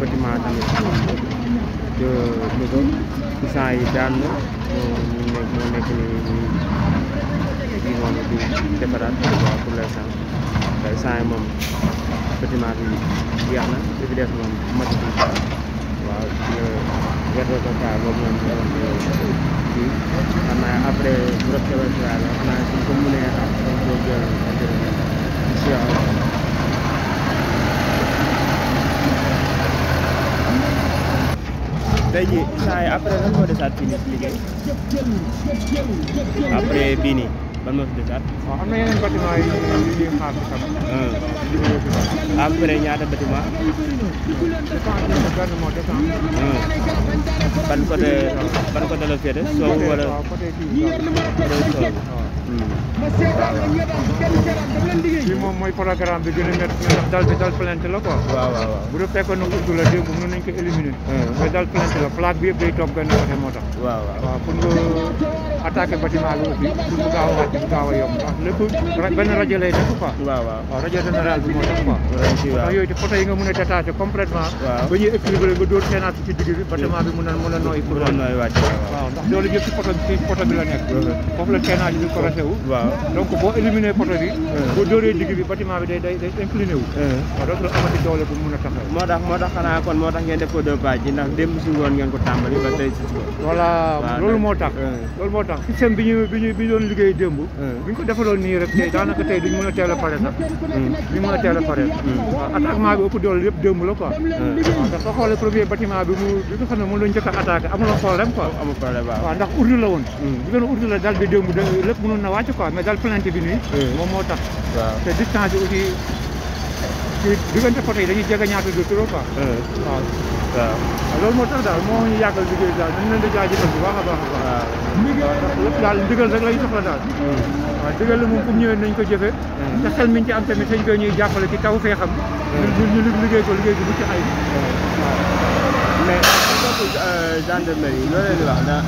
bâtiment tamit de Louga puissant yi daan na mu nekk moo nekk nii nii noonu di defaraat waaw pour l'instant te instant yi moom bâtiment bi jeex na li fi des moom matuñu waaw gerte ko kaa boobu moom kii xam naa après bu rafetlu waaye xam naa suñ ko mënee am dañ koo jël incha tey jii saa yi après lan moo desaat fii nii si liggéey après bii ban moo fi desaat. waaw ah. après ñaata bâtiment. Ah. ban côté ban côté la féete soowu wala. côté soowu moom mooy programme bi gën a métti ndax dal bi dal plainte la quoi. waaw waaw waaw bu dee fekkoon na urdu la démb mën nañ ko éliminer. mais dal plainte la plaque bi yëpp day toog benn côté moo tax. waaw waaw pour nga attaquer bâtiment bi aussi pour mu gaaw a wàcc mu gaaw a yomb ndax lépp benn rajo lay def quoi. waaw waaw waaw rajo général bi moo tax quoi. ndax yooyu te photo yi nga mën a détaché complètement. waaw ba ñuy équilibré nga dóor seenaat ci digg bi bâtiment bi mën a mën a nooy pour mën a wàcc waaw ndax loolu yëpp ci photo bi ci photo bi la nekk foofu la seenaat bi corrigé wu donc boo éliminer photo bi boo dóoree digg bi bâtiment bi day day day incliné wu. waaw dootul amati doole bu mun a taxaw. moo tax moo tax xanaa kon moo tax ngeen def ko deux pàcc ndax démb si ngoon ngeen ko tàmbali ba tey si voilà loolu moo tax. loolu moo tax système bi ñu bi ñu bi doon liggéey démb. bi ñu ko defaloon nii rek tey daanaka tey duñ mën a teel a pare sax. duñ mën a teel a pare. waaw attaquement bi ëpp doole yëpp démb la quoi. waaw ndax soo xoolee premier bâtiment bi mu bi nga xam ne moom la njëkk a attaqué amuloo problème quoi. amul problème waaw waaw ndax urdu la woon. bi gën a urdu la dal bi démb lépp mënoon na wàcc quoi mais dal plainte bi nii moom moo tax distance bi aussi ci diggante côté yi dañuy jege ñaata du trop quoi. waaw moo tax daal moo ñu yàggal liggéey daal dañ leen di jaajëfal bu baax a baax a baax. waaw lépp daal la daal. waaw ndigal la moom fu nañ ko jëfee. te mi ñu ci am tamit dañ koy ñuy jàppale ci taw fee xam. ñu ñu liggéey ko liggéey bi bu ci ay. mais gendarmerie yi loolu leen wax na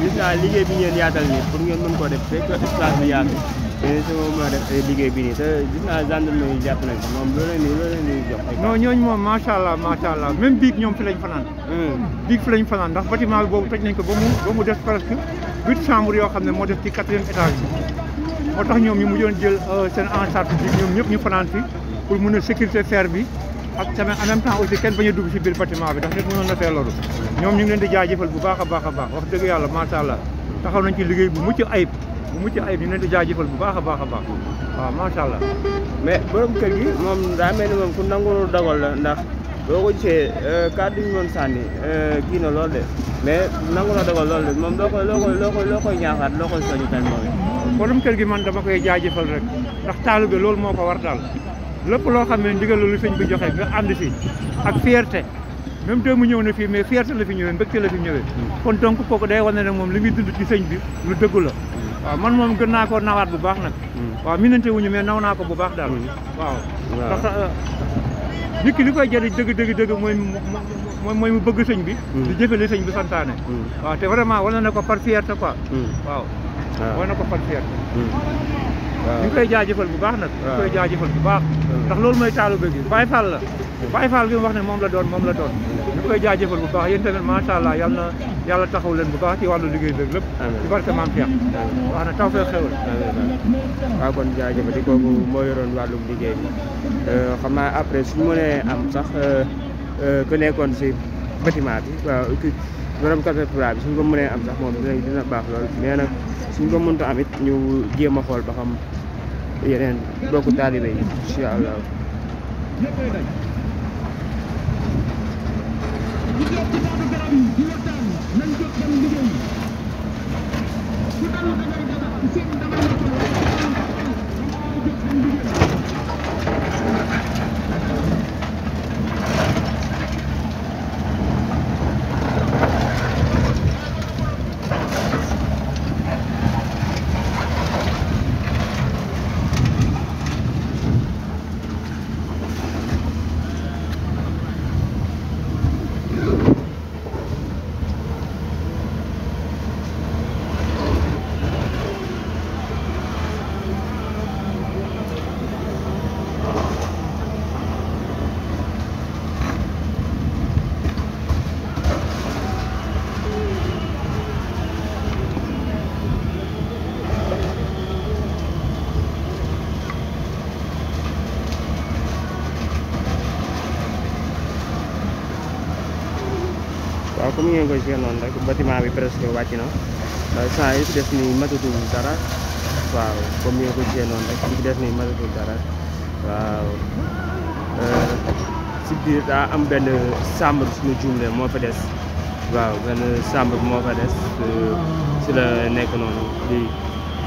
gis naa liggéey bi ngeen yaatal nii pour ngeen mën koo def fekk espace bi yaatu ministre liggéey bi nii te gis naa gendarmerie moom loolu la loolu la ñuy jox ñooñu moom macha allah macha allah même biig ñoom fi lañ fanaan hmm. biig fi lañu fanaan ndax bâtiment bi boobu toj nañ ko ba mu ba mu def presque huit chambres yoo xam ne moo def ci quatrième étage bi moo tax ñoom ñu mujjoon jël euh, seen en bi ñoom ñëpp ñu fanaan fi pour mun a sécurité faire bi ak tamit en même temps aussi kenn bañ a dugg ci biir bâtiment bi ndax nit mënoon na fee loolu ñoom ñu ngi leen di jaajëfal bu baax a baax a baax wax dëgg yàlla macha allah taxaw nañ ci liggéey bu mucc ayib bu mucc ayib ñu leen di jaajëfal bu baax baax a baax waaw macha allah. mais borom kër gi moom daa mel ni moom ku nangu dogal la ndax boo ko gisee euh, kàddu ñu mën sànni euh, kii na lool de mais nangu na dogal lool de moom loo koy loo koy loo koy loo koy ñaaxaat loo moom it. borom kër gi man dama koy jaajëfal rek ndax taalu bi loolu moo ko war daal lépp loo xam ne ndigal lu sëñ bi joxe nga ànd si ak fierté. même démb mu ñëw na fii mais fierté la fi ñëwee mbégte la fi ñëwee mm. kon donc kooku day wane ne moom li muy dund ci sëñ bi lu dëgg la waaw man moom gën naa koo nawaat bu baax nag hmm. waaw minante ñu mais naw naa ko bu baax daal hmm. waaw ndax euh, nit ki li koy jëriñ dëgg dëgg dëgg mooy mooy mu bëgg sëñ bi hmm. di jëfe li sëñ bi santaane waaw te vraiment war na ko par fierté quoi waaw war na ko par fierté ñu koy jaajëfal bu baax nag ñu koy jaajëfal bu baax ndax loolu mooy taalu bëgg Baye Fall la Baye Fall bi wax ne moom la doon moom la doon koy jaajëfal bu baax yéen tamit macha allah yal na yàlla taxaw leen bu baax ci wàllu liggéey beeg lépp ci barke maam Cheikh wax na taw fee xewal waaw kon jaajëfati kooku moo yoroon wàllum liggéey bi euh, xam naa après suñu mënee am sax euh, euh, ku nekkoon si bâtiment bi waaw borom cafétura bi suñ ko mënee am sax moom dina dina baax lool mais nag suñ ko mënta am it ñu jéem a xool ba xam yeneen bokku taalibe yi incha ñu toog ci taatu garab yi di waxtaan nañ jóg dem liggéey ku dalu da ngay dara seen damay nekk da ngay jóg dem liggéey koy fee rek bâtiment bi presque wàcc na saa yi si des nii matatul dara waaw comme ni nga ko noonu rek li si des nii matatul dara waaw si biir daa am benn chambre suñu jumle moo fa des waaw benn chambre moo fa des si la nekk noonu di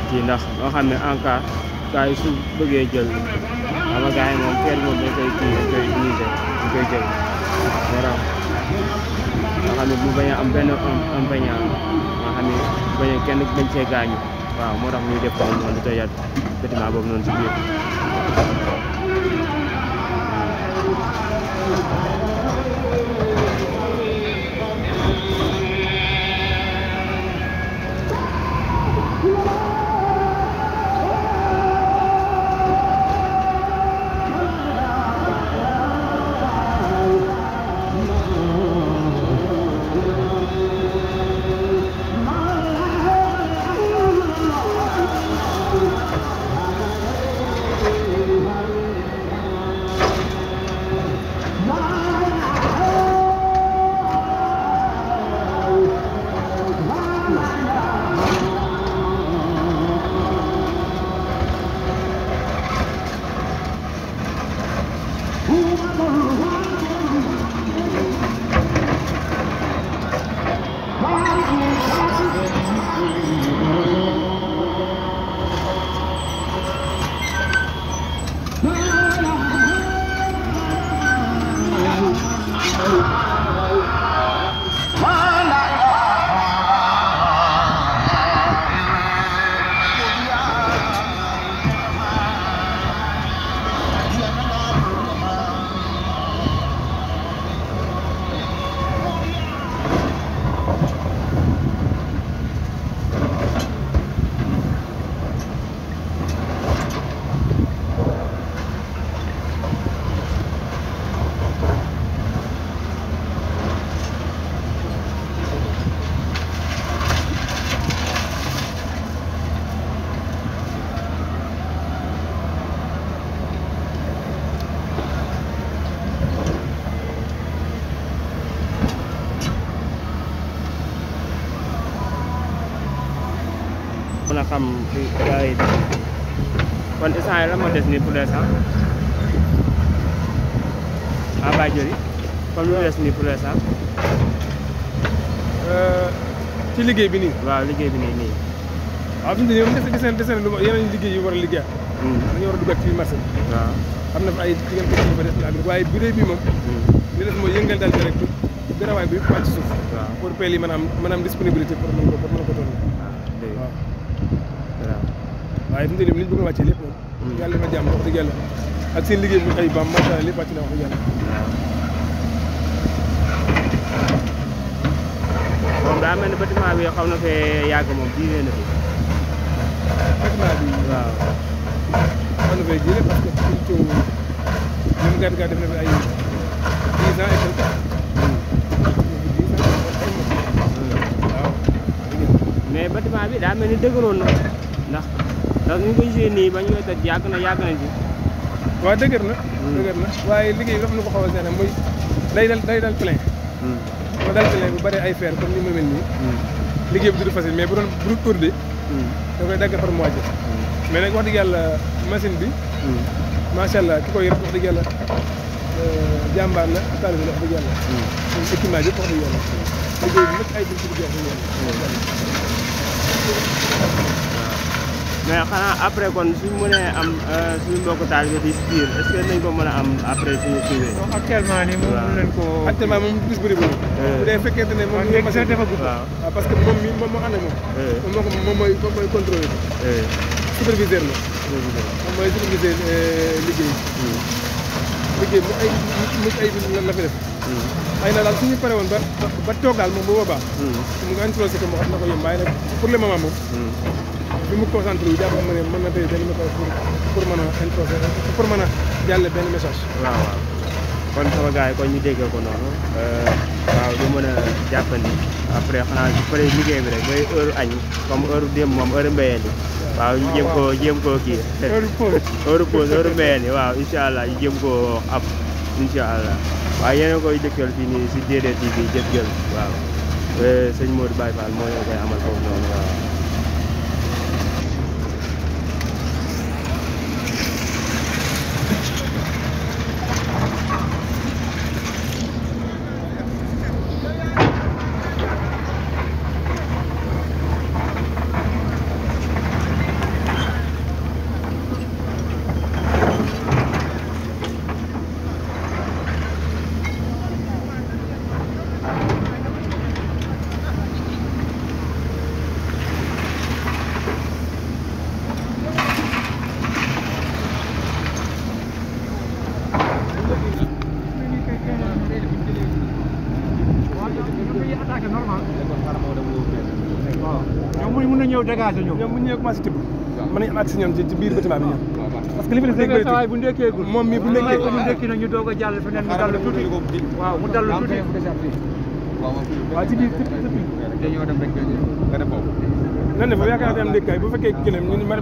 kii ndax loo xam ne en cas gars yi su bëggee jël ama gars yi moom kenn moom dañ koy kii koy utiliser dañ koy jël voilà nga xam ne mu bañ a am benn inconvénient kenn bañ see gaañu waaw moo tax ñuy def ko noonu di tëjaat bâtiment boobu noonu si Thank you. xam ci yi kon instant yi la moo des nii pour l'instant à Badiol comme lu des nii pour l'instant euh, ci liggéey bi nii waaw liggéey bi nii nii waaw fi mu ne nii gis nañ gis nañ yeneen liggéey yu war a liggéey hmm. dañu war a duggaat ci marché bi waaw am na fa ay diggante yu waaye bu dee bii moom hmm. li des mooy yëngal daal bi rek garawaay bi wàcc suuf pour peel yi maanaam maanaam disponibilité pour mën ko pour mën ko toll waaye fi mu ne nii li ñu bëgg a wàccee lépp moom hmm. yàlla na jàmm wax dëgg yàlla ak seen liggéey bu ay baam macha allah lépp wàcc na wax dëgg yàlla moom daa mel ne bâtiment bi xaw na fee yàgg moom diiree na fi bâtiment bi waaw xaw na fee diiree parce que surtout même gàtt gàtt def na fi ay dix ans et quelques hmm. hmm. mais bâtiment bi daa mel ni dëgëroon na ndax ñu ngi koy gisee nii ba ñu koy toj yàgg na yàgg nañ ci. waaw dëgër na. Hmm. dëgër na waaye liggéey bi dafa nu ko xaw a seene muy day dal day dal plein. ma hmm. dal plein bu bari ay fer comme ni ma mel nii. Hmm. liggéey bi du facile mais bu doon bu dul tourné. da koy dagg par moitié. mais nag wax dëgg yàlla machine bi. macha allah ki koy yor wax dëgg yàlla euh, jàmbaar la ak taalibe la wax dëgg yàlla. donc équipement yëpp wax dëgg yàlla. liggéey bi nag ay jëm ci liggéey wax dëgg yàlla. mais xanaa après kon suñ mënee am euh, suñu mbokku taalibe fii si biir est ce que nañ ko mën a am après suñu suivee. waaw actuellement nii moom mën leen koo. actuellement moom bis bu déglu. Eh. bu dee fekkente ne moom ñu mën a defagu. waaw ah, parce que moom mii moom moo ànd ak moom. Eh. moom moo ko moom mooy moom mooy contrôlé. Eh. superviseur la. superviseur moom mooy superviseur euh, liggéey. Hmm. liggéey bu ay mu ay la fi def. Hmm. xëy na daal suñu pare woon ba ba toog daal moom bu boobaa. Hmm. mu ngi introsé ko moo xam na ko yomb waaye nag pour le moment moom. bi mu concentré pour mën a pour mën a jàlle benn message. waaw waaw kon sama gars yi kon ñu déggee ko noonu euh, waaw lu mën a jàppandi après xanaa su paree liggéey bi rek mooy heure añ comme heure démb moom heure mbéyeen yi waaw ñu jéem koo jéem koo kii. heure pause heure waaw incha allah ñu jéem koo ab incha allah waaw yéen a koy dëkkal fii nii si DDTV waaw euh, sëñ Modou Baye Fall moo leen koy amal foofu noonu waaw. dégagé ñoom ñoom bu ñu ñëwee commencé tibb mën nañu am accès ñoom ci biir bâtiment bi ñoom parce que li fi def bëri waaye bu ndékkeegul moom mii bu ndékkee bu ndékki nag ñu doog a jàll feneen mu dallu tuuti waaw mu dallu ne foofu yaakaar naa am ndékkaay bu fekkee keneen ma ba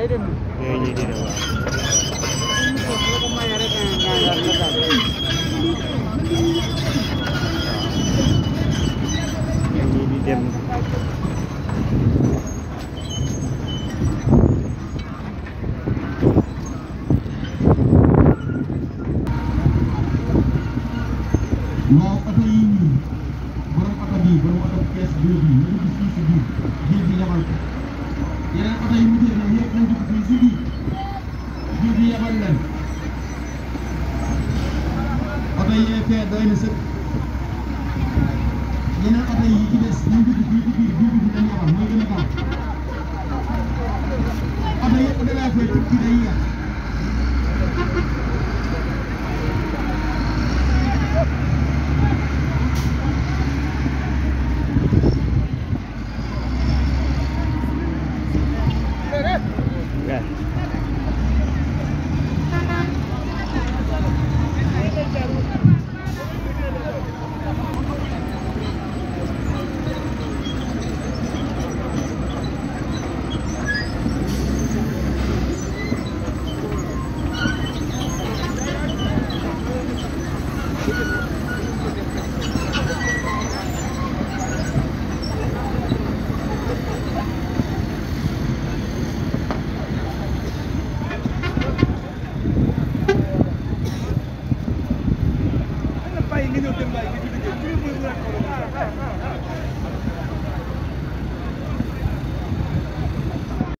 Law kata iya, iya, iya. ini Baru kata di Baru kata kes Dia di Dia di Dia di Dia di yeneen oto yi mu jël nag yëpp nañ dugg fii si biir jur gi yabal leen oto yi ñooy fee doy na sëkk yeneen oto yi ci des ñu dugg fii ci biir jur gi dañ yabal mooy gën a baax oto yëpp da laa koy tukki day yàq